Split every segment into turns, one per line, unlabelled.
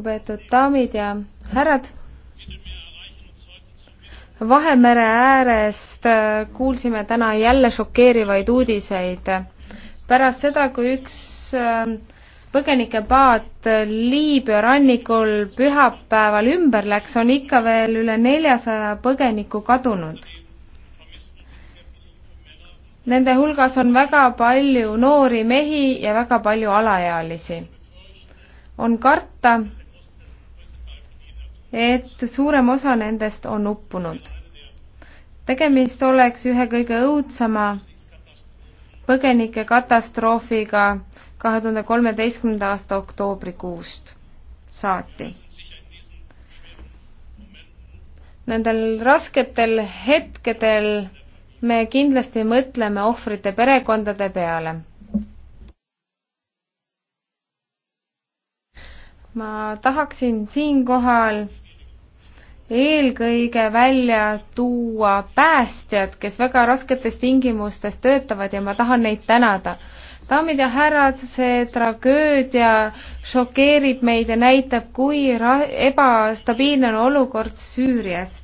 lugupeetud daamid ja härrad. Vahemere äärest äh, kuulsime täna jälle šokeerivaid uudiseid. pärast seda, kui üks äh, põgenikepaat äh, Liibüa rannikul pühapäeval ümber läks, on ikka veel üle neljasaja põgeniku kadunud. Nende hulgas on väga palju noori mehi ja väga palju alaealisi. on karta, et suurem osa nendest on uppunud. tegemist oleks ühe kõige õudsama põgenike katastroofiga kahe tuhande kolmeteistkümnenda aasta oktoobrikuust saati. Nendel rasketel hetkedel me kindlasti mõtleme ohvrite perekondade peale ma tahaksin siinkohal eelkõige välja tuua päästjad, kes väga rasketes tingimustes töötavad ja ma tahan neid tänada. daamid ja härrad, see tragöödia šokeerib meid ja näitab, kui ebastabiilne on olukord Süürias,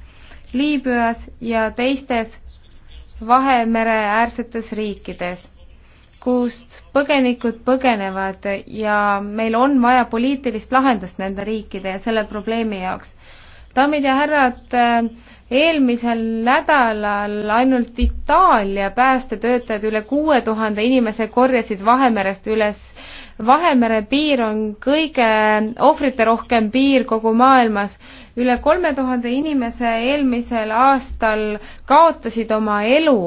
Liibüas ja teistes Vahemere-äärsetes riikides, kust põgenikud põgenevad ja meil on vaja poliitilist lahendust nende riikide ja selle probleemi jaoks daamid ja härrad, äh, eelmisel nädalal ainult Itaalia päästetöötajad üle kuue tuhande inimese korjasid Vahemerest üles. Vahemere piir on kõige ohvriterohkem piir kogu maailmas. üle kolme tuhande inimese eelmisel aastal kaotasid oma elu,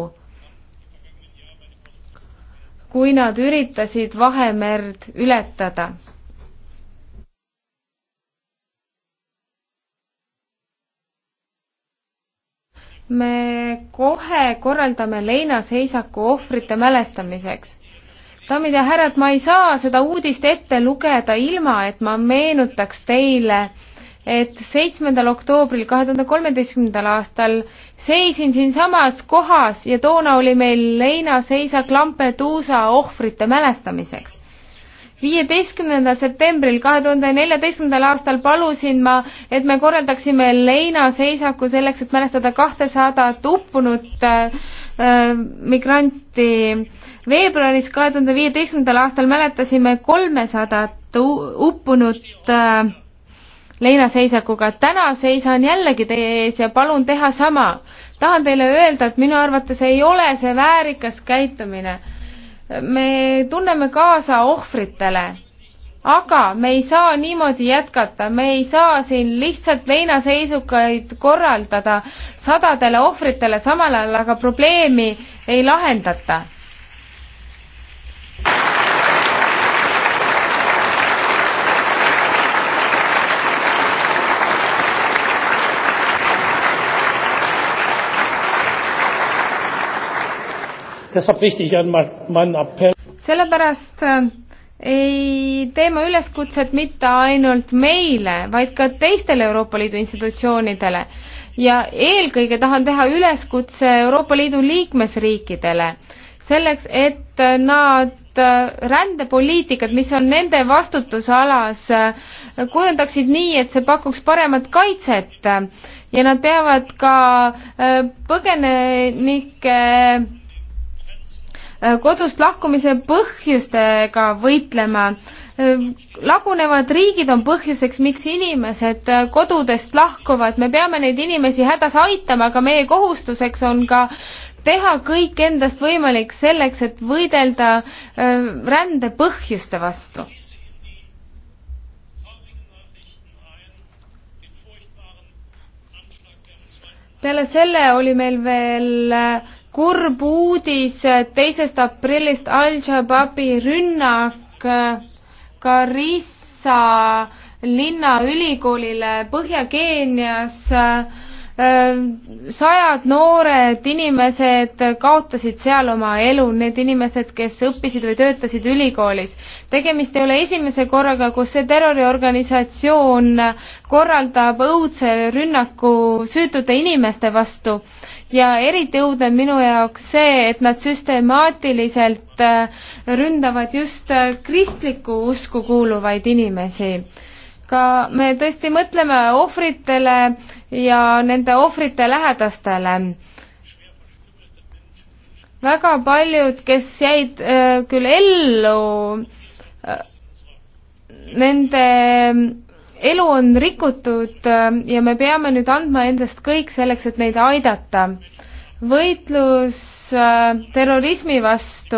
kui nad üritasid Vahemerd ületada me kohe korraldame leinaseisaku ohvrite mälestamiseks. daamid ja härrad, ma ei saa seda uudist ette lugeda ilma, et ma meenutaks teile, et seitsmendal oktoobril kahe tuhande kolmeteistkümnendal aastal seisin siinsamas kohas ja toona oli meil leinaseisak Lampeduusa ohvrite mälestamiseks viieteistkümnendal septembril kahe tuhande neljateistkümnendal aastal palusin ma, et me korraldaksime leinaseisaku selleks, et mälestada kahtesadat uppunut äh, migranti. veebruaris kahe tuhande viieteistkümnendal aastal mäletasime kolmesadat uppunut äh, leinaseisakuga. täna seisan jällegi teie ees ja palun teha sama. tahan teile öelda, et minu arvates ei ole see väärikas käitumine me tunneme kaasa ohvritele, aga me ei saa niimoodi jätkata, me ei saa siin lihtsalt leinaseisukaid korraldada sadadele ohvritele, samal ajal aga probleemi ei lahendata sellepärast äh, ei tee ma üleskutset mitte ainult meile, vaid ka teistele Euroopa Liidu institutsioonidele ja eelkõige tahan teha üleskutse Euroopa Liidu liikmesriikidele selleks, et äh, nad äh, rändepoliitikat, mis on nende vastutusalas, kujundaksid nii, et see pakuks paremat kaitset ja nad peavad ka põgenike Äh, kodust lahkumise põhjustega võitlema. Äh, lagunevad riigid on põhjuseks, miks inimesed äh, kodudest lahkuvad, me peame neid inimesi hädas aitama, aga meie kohustuseks on ka teha kõik endast võimalik selleks, et võidelda rände põhjuste vastu. peale selle oli meil veel äh, kurb uudis teisest aprillist Al-Shababi rünnak äh, Garissa linnaülikoolile Põhja-Keenias. Äh, sajad noored inimesed kaotasid seal oma elu, need inimesed, kes õppisid või töötasid ülikoolis. tegemist ei ole esimese korraga, kus see terroriorganisatsioon korraldab õudse rünnaku süütute inimeste vastu ja eriti õudne on minu jaoks see, et nad süstemaatiliselt äh, ründavad just äh, kristlikku usku kuuluvaid inimesi. ka me tõesti mõtleme ohvritele ja nende ohvrite lähedastele väga paljud, kes jäid öö, äh, küll ellu, nende elu on rikutud äh, ja me peame nüüd andma endast kõik selleks, et neid aidata. võitlus äh, terrorismi vastu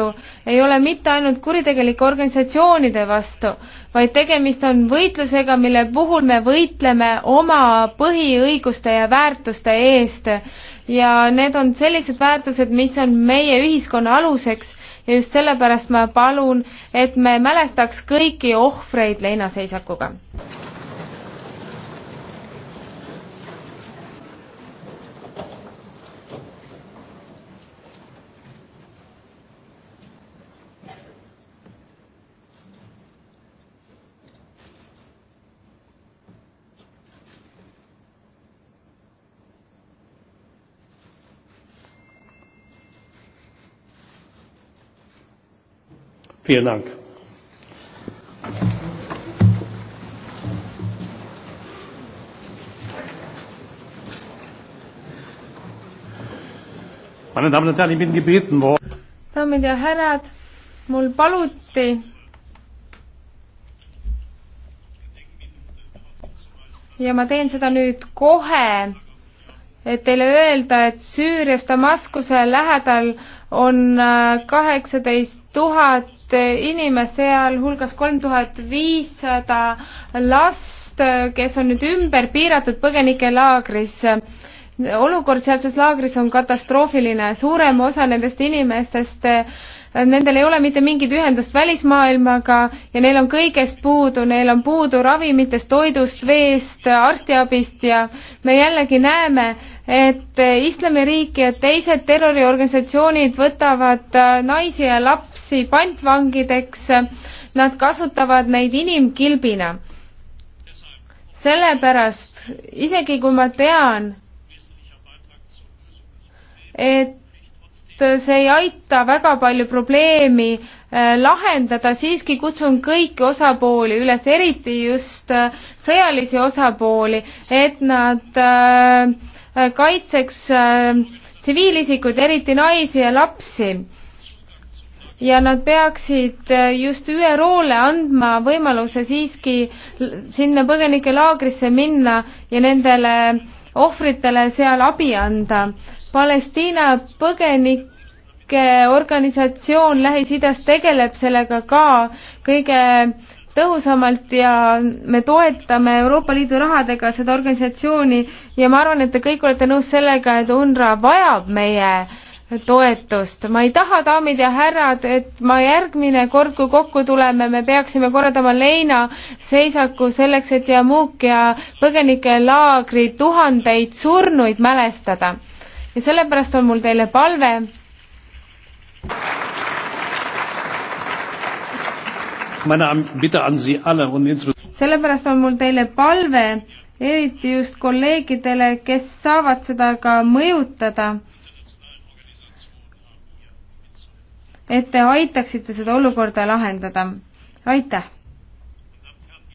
ei ole mitte ainult kuritegelike organisatsioonide vastu, vaid tegemist on võitlusega, mille puhul me võitleme oma põhiõiguste ja väärtuste eest ja need on sellised väärtused, mis on meie ühiskonna aluseks ja just sellepärast ma palun, et me mälestaks kõiki ohvreid leinaseisakuga Vielen Dank. Meine Damen und Herren, ich bin gebeten worden. Damen ja härrad, mul paluti ja ma teen seda nüüd kohe, et teile öelda, et Süürias Damaskuse lähedal on äh, kaheksateist tuhat inimest, sealhulgas kolm tuhat viissada last, kes on nüüd ümber piiratud põgenikelaagris olukord sealses laagris on katastroofiline, suurem osa nendest inimestest eh, Nendel ei ole mitte mingit ühendust välismaailmaga ja neil on kõigest puudu, neil on puudu ravimitest, toidust, veest, arstiabist ja me jällegi näeme, et Islamiriik ja teised terroriorganisatsioonid võtavad eh, naisi ja lapsi pantvangideks, nad kasutavad neid inimkilbina. sellepärast, isegi kui ma tean, et see ei aita väga palju probleemi äh, lahendada, siiski kutsun kõiki osapooli üles, eriti just äh, sõjalisi osapooli, et nad äh, kaitseks tsiviilisikuid, eriti naisi ja lapsi. ja nad peaksid just ÜRO-le andma võimaluse siiski sinna põgenikelaagrisse minna ja nendele ohvritele seal abi anda. Palestiina põgenike organisatsioon Lähis-Idas tegeleb sellega ka kõige tõhusamalt ja me toetame Euroopa Liidu rahadega seda organisatsiooni ja ma arvan, et te kõik olete nõus sellega, et UNRWA vajab meie toetust. ma ei taha, daamid ja härrad, et ma järgmine kord, kui kokku tuleme, me peaksime korraldama leinaseisaku selleks, et Jamukia põgenikelaagri tuhandeid surnuid mälestada ja sellepärast on mul teile palve. sellepärast on mul teile palve, eriti just kolleegidele, kes saavad seda ka mõjutada, et te aitaksite seda olukorda lahendada. aitäh!